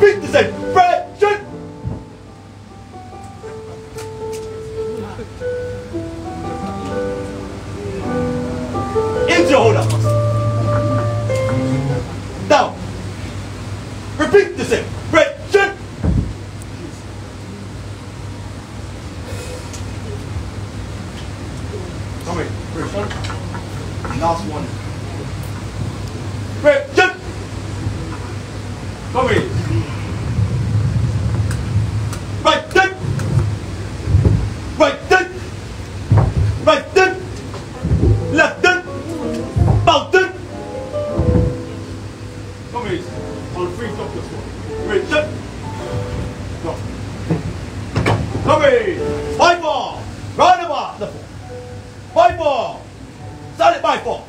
repeat the same. Fred, shut. hold up. Now, repeat the same. Fred, shut. Come here, Fred, Last one. Fred, shut. Come here. 卖货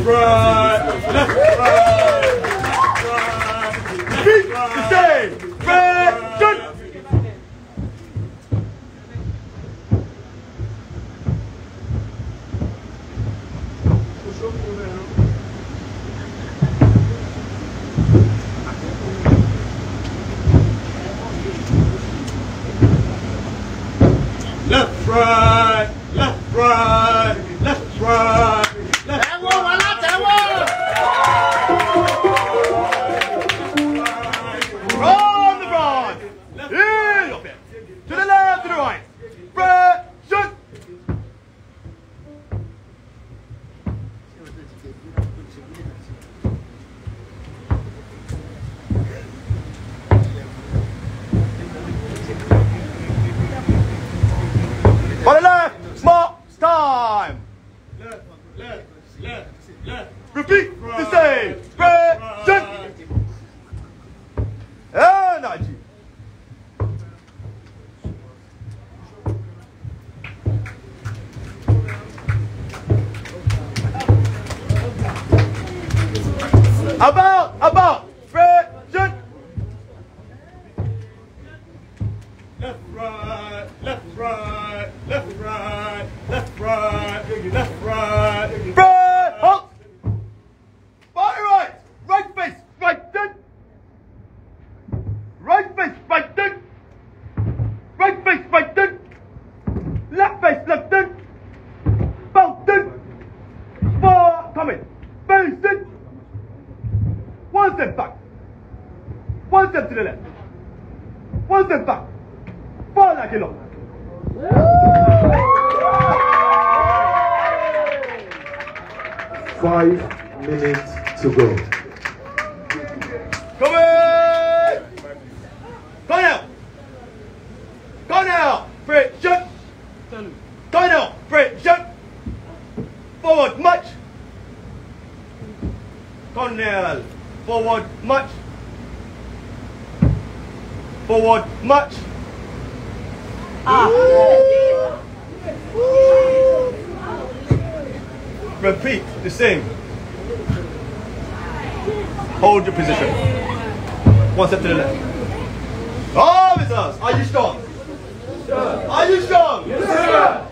left, right, left, right, left, right. Left, right. left, right, left, right, left, right, left, right, left, right. Right, halt! Body right, right face, right foot. Right face, right foot. Right face, right foot. Left face, left foot. Both foot. Four, coming. Very sit. One step back. One step to the left. One step back. Paul aquilo. Five minutes to go. Come in! Go now! Go now! Fred, jump! Go now! Fred, jump! Forward, much! Cornell, forward, much! Forward, much! Ah. Repeat the same. Hold your position. One step to the left. Oh, Missus, are you strong? Sure. Are you strong? Yes, sir.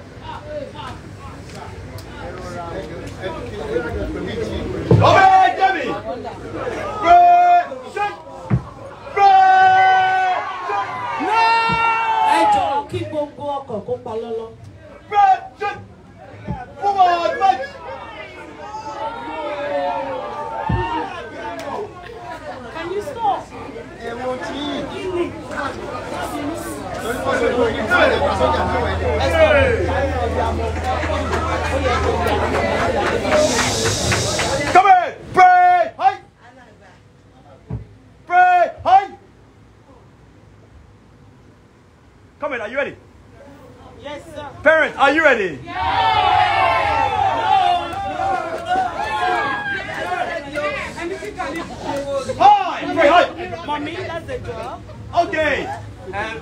Are you ready? Yes. Hi! Wait, hi! Mommy, that's the job. Okay. Um,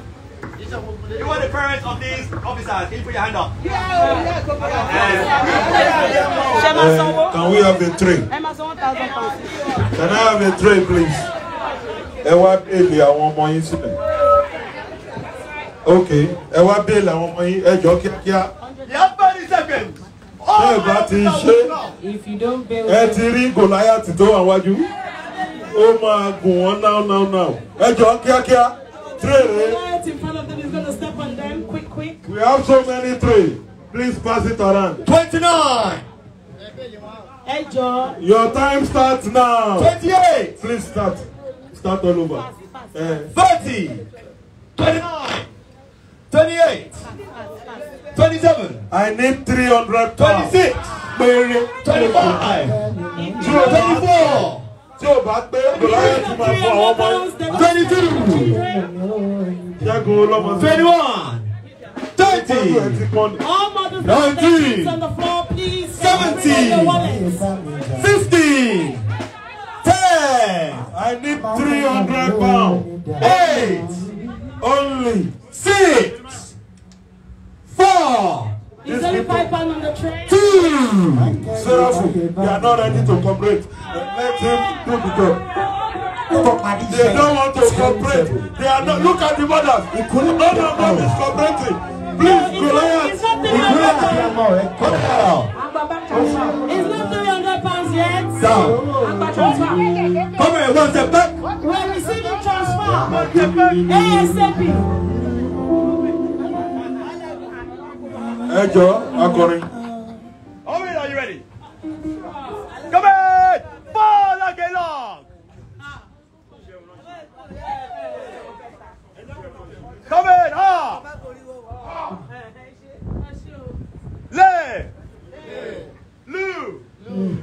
you are the parents of these officers. Can you put your hand up? Yeah, um, uh, can we have a tray? Can I have a tray, please? Ẹ wá bèèlì àwọn more incident. sílẹ̀. Okay, ẹ wá bèèlì àwọn ọmọ yín ẹ jọ̀ọ́ kíákíá bẹ́ẹ̀ bá ti ṣe ẹ ti rí gòláyàtì tó wà wájú ó máa gùn wọn náà náà náà ẹ jọ kíákíá tírèrè. we have so many tray please pass it around. twenty-nine. ẹ jọ. your time starts now. twenty-eight. please start start all over. Eh. thirty. twenty-nine. twenty-eight. twenty-seven. I need three hundred pounds. twenty six. péré. twenty five. zero twenty four. tí o bá pé olùdarí ti máa fún àwọn ọmọ yìí. twenty two. ṣẹ́gun olọ́mọ. twenty one. thirty. nineteen. seventeen. fifteen. ten. I need three hundred pounds. eight. only. they are not ready to cooperate let him do the job. They don't want to cooperate. They are not. Look at the mothers. None of them is cooperating. Please, Goliath. It's not 300 pounds. It's not 300 pounds yet. Down. Come here, one step back. We're receiving transfer. ASAP. Ẹ jọ̀ọ́ akọrin.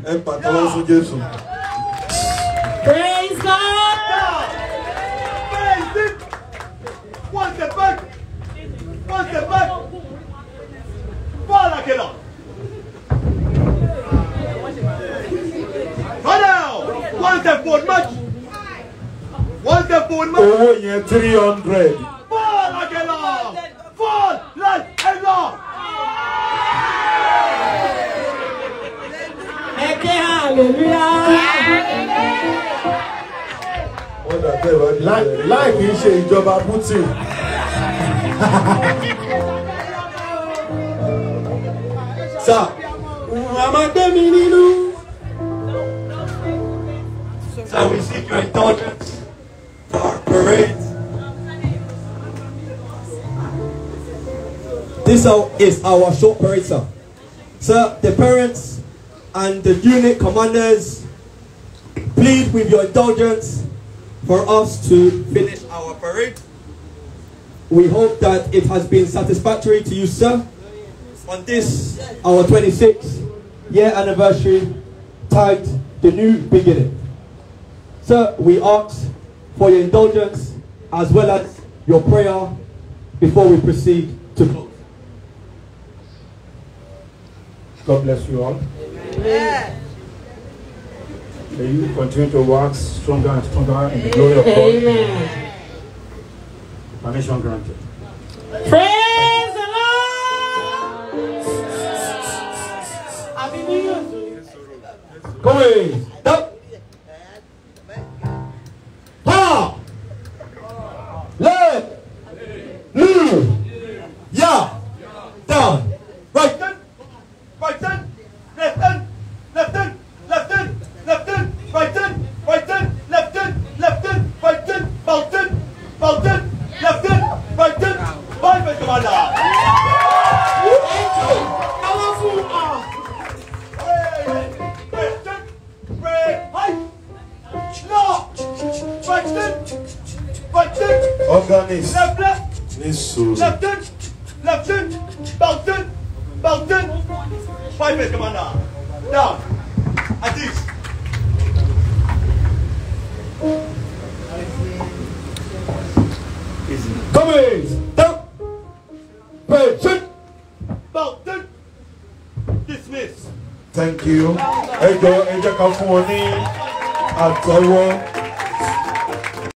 ẹ pàtàkì fún Jésù. Praise God. One step back. One step back. Fall like it up. Fall down. One step forward, much. One step forward, much. Owó yẹn three hundred. Hallelujah. Láì kì í ṣe ìjọba Sà, a máa gbé mi we seek your indulgence for our parade. This is our show parade, sir. Sir, the parents and the unit commanders plead with your indulgence for us to finish our parade. We hope that it has been satisfactory to you, sir, on this, our 26th year anniversary, tied The New Beginning. Sir, we ask for your indulgence as well as your prayer before we proceed to close. God bless you all. Amen. May you continue to wax stronger and stronger in the glory of God. Amen. Permission granted. Praise the Lord! Happy New Year! Come in. Organise. Ní sùúrù. Pardonne. Pardonne. Pardonne. Five minutes, commander. Down. Adis. in. Down. Pardonne. Pardonne. Dismiss. Thank you. Ẹ jọ ẹ jẹ́